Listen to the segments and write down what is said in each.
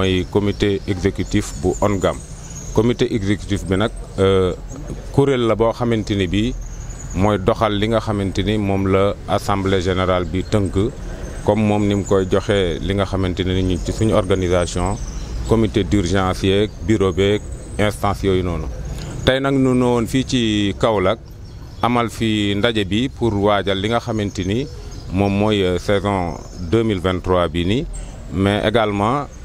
moy comité exécutif bu ONGAM comité exécutif bi euh kuréel la bo xamanteni bi moy doxal li nga xamanteni mom la assemblée générale bi teunk comme mom nim koy joxé li nga xamanteni ñu ci suñu organisation comité d'urgence yeeg bureau beeg instance yooyu noonu tay nak nu woon fi ci kaolak amal fi ndaje bi pour waajal li nga xamanteni mom moy euh, saison 2023 bi ni mais également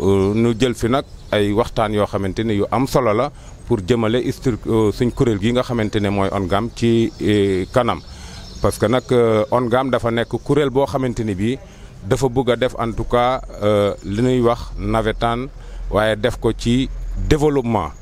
Euh, nu jël fi nag ay waxtaan yoo xamante ne yu am solo la pour jëmale euh, suñ kuréel gi nga xamante ne mooy ONGAM ci euh, kanam parce que nag ONGAM dafa nekk kuréel boo xamante ni bii dafa bëgg def en tout cas li ñuy wax nawetaan waaye def ko ci développement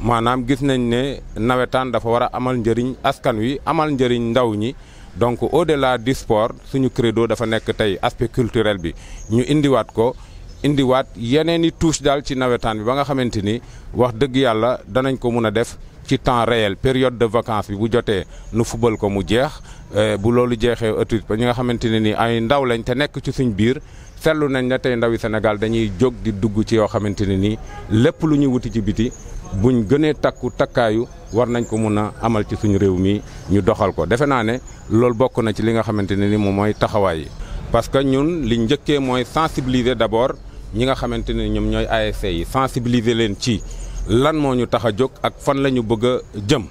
maanaam gis nañ ne nawetaan dafa war a amal njëriñ askan wi amal njëriñ ndaw ñi donc au de du sport suñu credo dafa nekk tey aspect culturel bi ñu indiwaat ko indiwaat yeneen i touche daal ci nawetaan bi ba nga xamante ni wax dëgg yàlla danañ ko mun a def ci temps réel période de vacances bi bu jotee nu fubal ko mu jeex eh, bu loolu jeexee autorité ba ñi nga xamante ne ni ay ndaw lañ te nekk ci suñ biir seetlu nañ ne tey ndawi Sénégal dañuy jóg di dugg ci yoo xamante ne nii lépp lu ñuy wuti ci biti buñ gënee takku takkaayu war nañ ko mun a amal ci suñu réew mi ñu doxal ko defe naa ne loolu bokk na ci li nga xamante ne ni moom mooy taxawaay yi parce que ñun li njëkkee mooy sensibiliser d'abord ñi nga xamante ne ñoom ñooy ASC yi sensibiliser leen ci lan moo ñu tax a jóg ak fan la ñu bëgg a jëm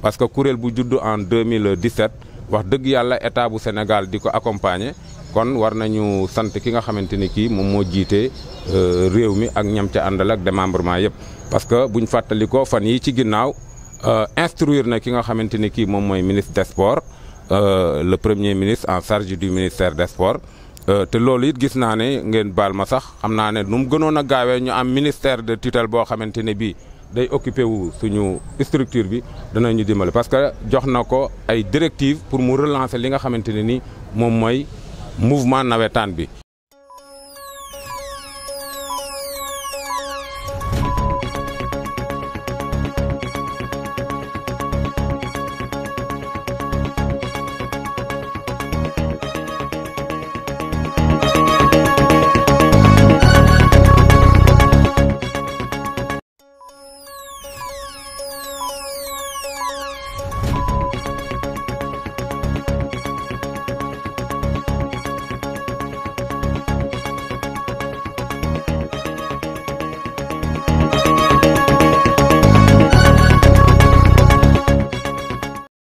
parce que kuréel bu juddu en 2017 wax dëgg yàlla état bu Sénégal di ko accompagner kon war nañu sant ki nga xamante ni kii moom moo jiite euh, réew mi ak ñam ca àndal ak démembrement yëpp. parce que buñ fàttali ko fan yi ci ginnaaw euh, instruire na ki nga xamante ni kii moom mooy ministre des sports euh, le premier ministre en charge du ministère des sports. Euh, te loolu it gis naa ne ngeen baal ma sax xam naa ne nu mu gënoon a gaawee ñu am ministère de tutelle boo xamante ne bii day occupé wu suñu structure bi dana ñu dimbali parce que jox na ko ay directives pour mu relancer li nga xamante ne ni moom mooy mouvement nawetaan bi.